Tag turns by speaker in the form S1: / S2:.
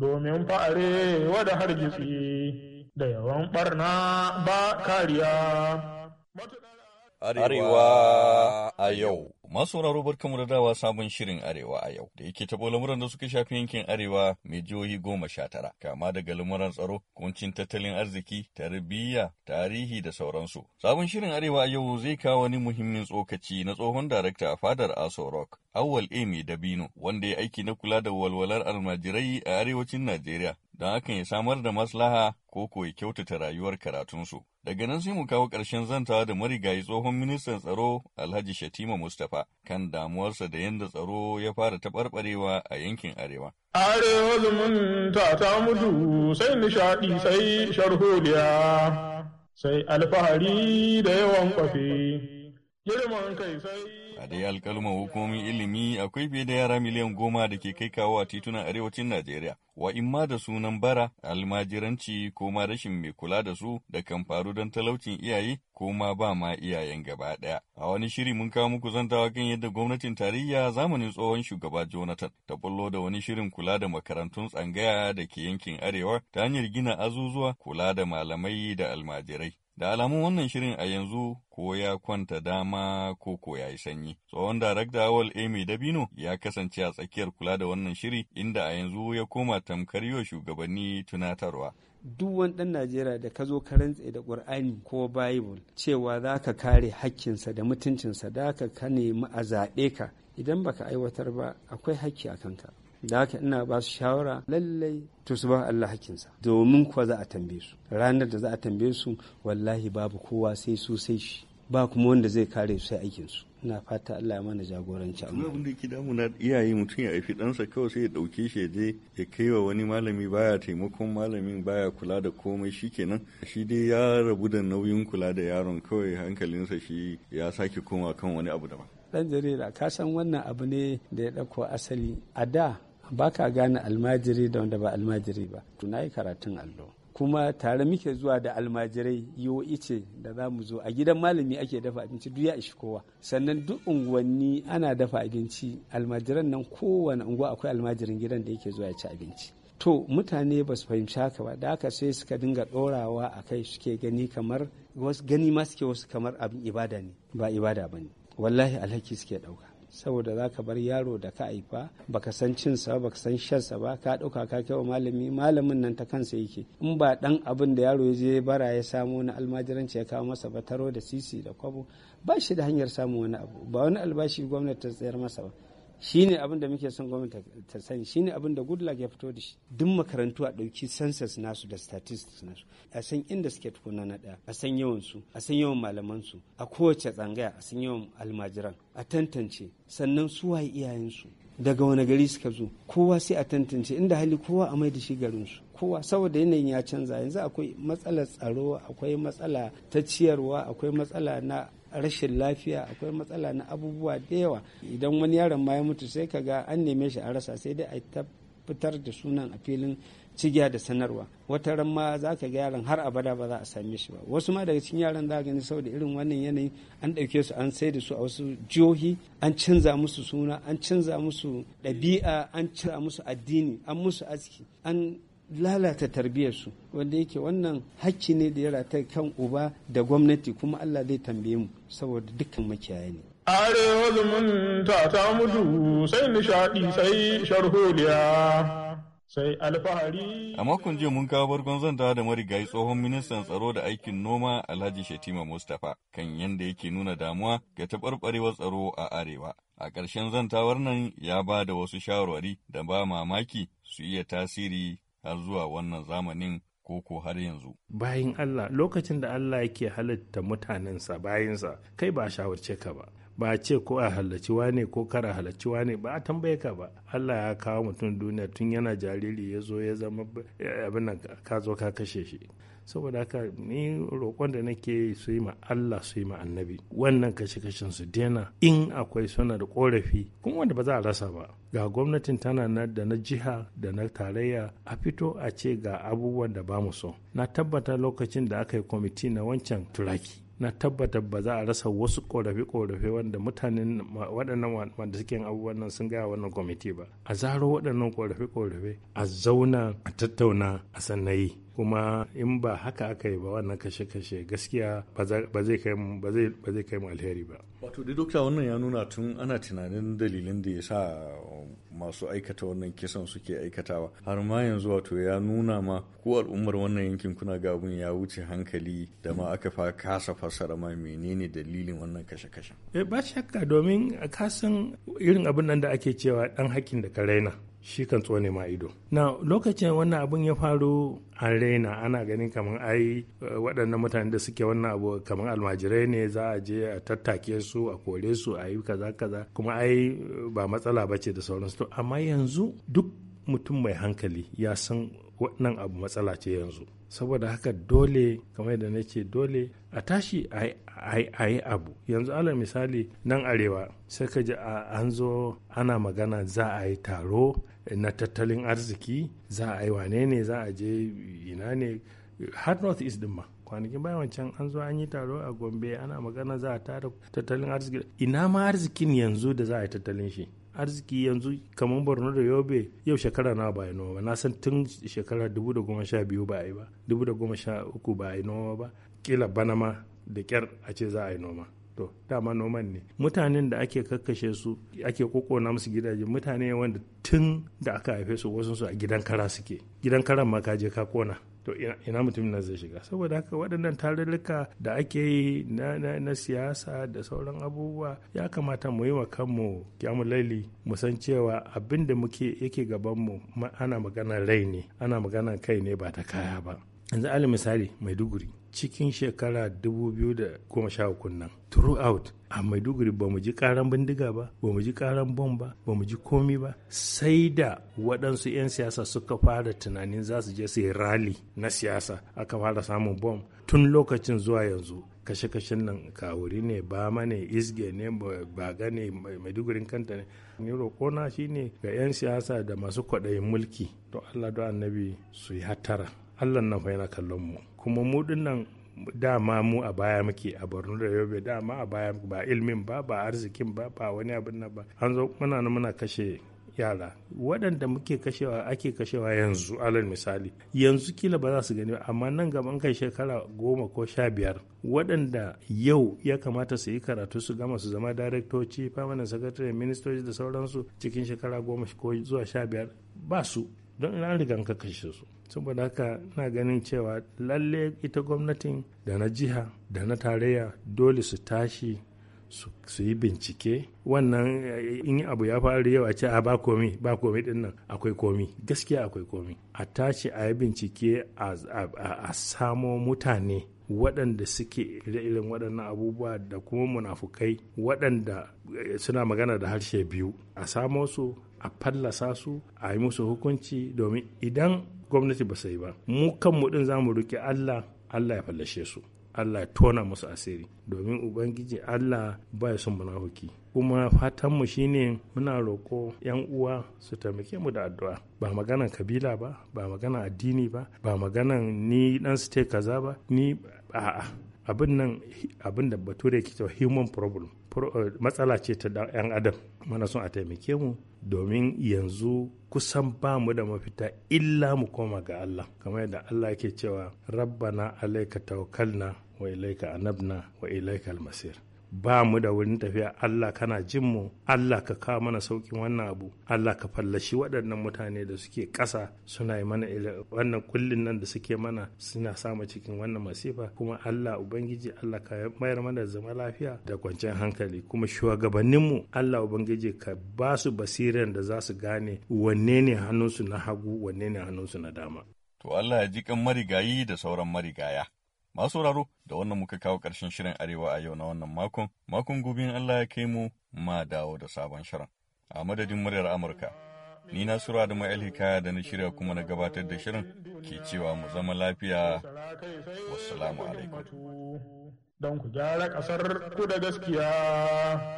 S1: domin fa'are har hargitsi da yawan ɓarna ba kariya.
S2: Arewa a yau. Masu rarobar kamar dawa sabon shirin Arewa a yau da yake taɓo lamuran da suka shafi yankin Arewa mai jihohi goma sha tara, kama daga lamuran tsaro, kuncin tattalin arziki, tarbiyya, tarihi da sauransu. Sabon shirin Arewa a yau zai kawo wani muhimmin tsokaci na tsohon darakta a fadar Aso Rock, Awal Amy Dabino, wanda ya aiki na kula da walwalar almajirai a arewacin Najeriya da hakan ya samar da maslaha ko ko ya kyautata rayuwar karatunsu. Daga nan sai mu kawo ƙarshen zantawa da marigayi tsohon ministan tsaro Alhaji Shatima Mustapha kan damuwarsa da yadda tsaro ya fara taɓarɓarewa a yankin Arewa.
S3: Arewa
S1: ta mutu sai nishaɗi sai sharholiya sai alfahari da yawan kwafe.
S2: Girman kai sai A dai alkalman hukumomin ilimi akwai fiye da yara miliyan goma da ke kai kawo a titunan arewacin Najeriya, wa imma da sunan bara, almajiranci ko ma rashin mai kula da su da kan faru don talaucin iyaye ko ma ba ma iyayen gaba ɗaya. A wani shiri mun kawo muku zantawa kan yadda gwamnatin tarayya zamanin tsohon shugaba Jonathan ta bullo da wani shirin kula da makarantun tsangaya da ke yankin arewa ta hanyar gina azuzuwa kula da malamai da almajirai. Da alamun wannan shirin a yanzu ko ya kwanta dama ko ko ya yi sanyi. Tsohon darakta Awal Amy Dabino ya kasance a tsakiyar kula da wannan shiri inda a yanzu ya koma tamkar yau shugabanni tunatarwa.
S3: Duk wani ɗan Najeriya da ka zo ka rantse da Ƙur'ani ko Bible cewa za ka kare hakkinsa da mutuncinsa da ka nemi a zaɓe ka idan baka aiwatar ba akwai hakki a kanka. da haka ina ba su shawara lallai to su ba Allah hakinsa domin kuwa za a tambaye su ranar da za a tambaye su wallahi babu kowa sai su sai shi ba kuma wanda zai kare su sai aikinsu ina fata Allah ya mana jagoranci amma abin
S2: da yake na iyaye mutum ya aifi ɗansa kawai sai ya ɗauke shi je ya kai wa wani malami baya taimakon malamin baya kula da komai shi shikenan shi dai ya rabu da nauyin kula da yaron kawai hankalinsa shi ya sake koma kan wani abu daban
S3: dan jarira ka san wannan abu ne da ya ɗauko asali a da ba ka gane almajiri da wanda ba almajiri ba tuna yi karatun allo kuma tare muke zuwa da almajirai yiwo ice da za mu zo a gidan malami ake dafa abinci duya ya ishi kowa sannan duk unguwanni ana dafa abinci almajiran nan kowane unguwa akwai almajirin gidan da yake zuwa ya ci abinci to mutane ba su fahimci haka ba da haka sai suka dinga ɗorawa a kai suke gani kamar wasu gani ma suke wasu kamar abin ibada ne ba ibada ba ne wallahi alhaki suke ɗauka saboda za ka bar yaro da ka haifa ka san cinsa ba ka san shansa ba ka ɗauka ka kai wa malami malamin nan ta kansa yake in ba ɗan abin da yaro ya je bara ya samu na almajiranci ya kawo masa ba taro da sisi da kwabo ba shi da hanyar samun wani abu ba wani albashi gwamnati ta tsayar masa ba shine abin da muke son gwamnati ta sani shine abin da goodluck ya fito da shi duk makarantu a ɗauki census nasu da statistics nasu a san inda suke tukuna na ɗaya a san yawan su a san yawan malaman su a kowace tsangaya a san yawan almajiran a tantance sannan su waye iyayen su daga wani gari suka zo kowa sai a tantance inda hali kowa a mai da shi garin su kowa saboda yanayin ya canza yanzu akwai matsalar tsaro akwai matsala ta ciyarwa akwai matsala na rashin lafiya akwai matsala na abubuwa da yawa idan wani yaron ma ya mutu sai ka ga an neme shi a rasa sai dai a ta da sunan a filin cigiya da sanarwa wata ran ma za ka ga yaron har abada ba za a same shi ba wasu ma daga cikin yaran za ka gani saboda irin wannan yanayin an ɗauke su an sai da su a wasu jihohi an canza musu suna an canza musu ɗabi'a an canza musu addini an musu aski an lalata tarbiyarsu wanda yake wannan hakki ne da ya rata kan uba da gwamnati kuma Allah zai tambaye mu saboda dukkan makiyaya ne. Arewa zumunta
S1: ta mutu sai nishaɗi sai sharholiya sai
S2: alfahari. A makon jiya mun kawo bargon zanta da marigayi tsohon ministan tsaro da aikin noma Alhaji shatima Mustapha kan yanda yake nuna damuwa ga taɓarɓarewar tsaro a Arewa. A ƙarshen zantawar nan ya ba da wasu shawarwari da ba mamaki su iya tasiri har zuwa wannan zamanin koko har yanzu.
S1: Bayan Allah lokacin da Allah yake halitta mutanensa bayansa kai ba shawarce ka ba. ba a ce ko a halarci wane ko kar a halarci wane ba a tambaye ka ba Allah ya kawo mutum duniya tun yana jariri ya zo ya zama abin nan ka zo ka kashe shi saboda haka ni roƙon da nake su yi ma Allah su yi ma annabi wannan kashe kashen su dena in akwai suna da korafi kuma wanda ba za a rasa ba ga gwamnatin tana na da na jiha da na tarayya a fito a ce ga abubuwan da ba mu so na tabbata lokacin da aka yi kwamiti na wancan turaki na tabbatar ba za a rasa wasu korafe-korafe wanda mutanen waɗannan wanda suke abubuwan nan sun gaya wannan kwamiti ba a zaro waɗannan korafe-korafe a zauna a tattauna a sannayi kuma in ba haka aka yi ba wannan kashe-kashe gaskiya ba zai kai mu alheri ba
S2: wato da dokta wannan ya nuna tun ana tunanin dalilin da ya sa um, masu aikata wannan kisan suke aikatawa har ma yanzu wato ya nuna ma ko al'ummar wannan yankin kuna ga gabun ya wuce hankali da ma aka fa kasa fassara ma menene dalilin wannan kashe kashe
S1: eh, ba shakka domin kasan irin abin nan da ake cewa dan hakkin da ka raina shi kan tsone ma ido na lokacin wannan abun ya faru an raina ana ganin kamar ai eh, waɗannan mutane da suke wannan abu kamar almajirai ne za a je a tattake su a kore su a yi kaza kaza kuma ai eh, ba matsala ba ce da sauransu amma yanzu duk mutum mai hankali ya san wannan abu matsala ce yanzu saboda haka dole kamar da na ce dole a tashi a yi abu yanzu ala misali nan arewa sai ka ji an zo ana magana za a yi taro na tattalin arziki za a yi wane ne za a je ina ne hard north east din kwanakin baya wancan an zo an yi taro a gombe ana magana za a tara tattalin arziki ina ma arzikin yanzu da za a yi tattalin shi arziki yanzu kamar borno da yobe yau shekara na ba noma ba na san tun shekara 2012 ba a yi ba 2013 ba a yi noma ba kila bana da kyar a ce za a yi noma to dama noman ne mutanen da ake kakkashe su ake kokona musu gidaje mutane wanda tun da aka haife su wasu su a gidan kara suke gidan karan ma ka je ka kona to ina mutumin na zai shiga saboda haka waɗannan tarurruka da ake yi na siyasa da sauran abubuwa ya kamata mu yi wa kanmu kyamu laili mu san cewa abin da muke yake gabanmu ana magana rai ne ana magana kai ne ba ta kaya ba yanzu alal misali maiduguri cikin shekara 2013 nan throughout a maiduguri ba mu ji karan bindiga ba ba mu ji karan bom ba ba mu ji komi ba sai da waɗansu 'yan siyasa suka fara tunanin za su je su yi rali na siyasa aka fara samun bom tun lokacin zuwa yanzu kashe-kashen nan kawuri ne ba ne isge ne baga ne maidugurin kanta ne ni roƙona ne. ga 'yan siyasa da masu kwaɗayin mulki don allah don annabi su yi hatara allah nan fa kallon mu kuma mu nan dama mu a baya muke a borno da yobe dama a baya ba ilmin ba ba arzikin ba ba wani abin nan ba an zo muna muna kashe yara waɗanda muke kashewa ake kashewa yanzu alal misali yanzu kila ba za su gani amma nan gaban kai shekara goma ko sha biyar waɗanda yau ya kamata su yi karatu su gama su zama daraktoci permanent secretary ministoci da sauransu cikin shekara goma ko zuwa sha biyar ba su don ina riga ka kashe su saboda haka na ganin cewa lalle ita gwamnatin da na jiha da na tarayya dole su tashi su yi bincike wannan eh, in abu ya faru yau a ce a ah, ba komi ba komi din nan akwai komi gaskiya akwai komi a tashi a yi bincike a samo mutane waɗanda suke ire waɗannan abubuwa da kuma munafukai waɗanda eh, suna magana da harshe biyu a samo su a fallasa su a yi musu hukunci domin idan gwamnati ba sai ba mu kanmu din za mu riƙe allah allah ya fallashe su Allah ya tona musu asiri domin ubangiji Allah ba son munafuki kuma fatanmu shine muna roƙo 'yan uwa su taimake mu da addu'a ba maganan kabila ba ba maganan addini ba ba maganan ni dan state kaza ba ni a'a abin nan abin da bature ke cewa human problem eh, matsala ce ta yan adam mana son a taimake mu domin yanzu kusan ba mu da mafita illa mu koma ga Allah kamar yadda Allah yake cewa rabbana alaika tawakkalna wa ilaika anabna wa ilaika almasir ba mu da wurin tafiya Allah kana jin mu Allah ka kawo mana saukin wannan abu Allah ka fallashi waɗannan mutane da suke ƙasa suna yi mana wannan kullin nan da suke mana suna samu cikin wannan masifa kuma Allah ubangiji Allah ka mayar mana zama lafiya da kwanciyar hankali kuma shugabannin mu Allah ubangiji ka ba su basiran da za su gane wanne ne hannunsu na hagu wanne ne hannunsu na dama
S2: to Allah ya ji kan marigayi da sauran marigaya Masu sauraro da wannan muka kawo ƙarshen shirin Arewa a yau na wannan makon, makon gobe in Allah ya kai mu ma dawo da sabon shirin. A madadin muryar Amurka, ni na sura da hikaya da na shirya kuma na gabatar da shirin ke cewa mu zama lafiya. Wassalamu alaikum.
S1: Don ku gyara ƙasar ku da gaskiya.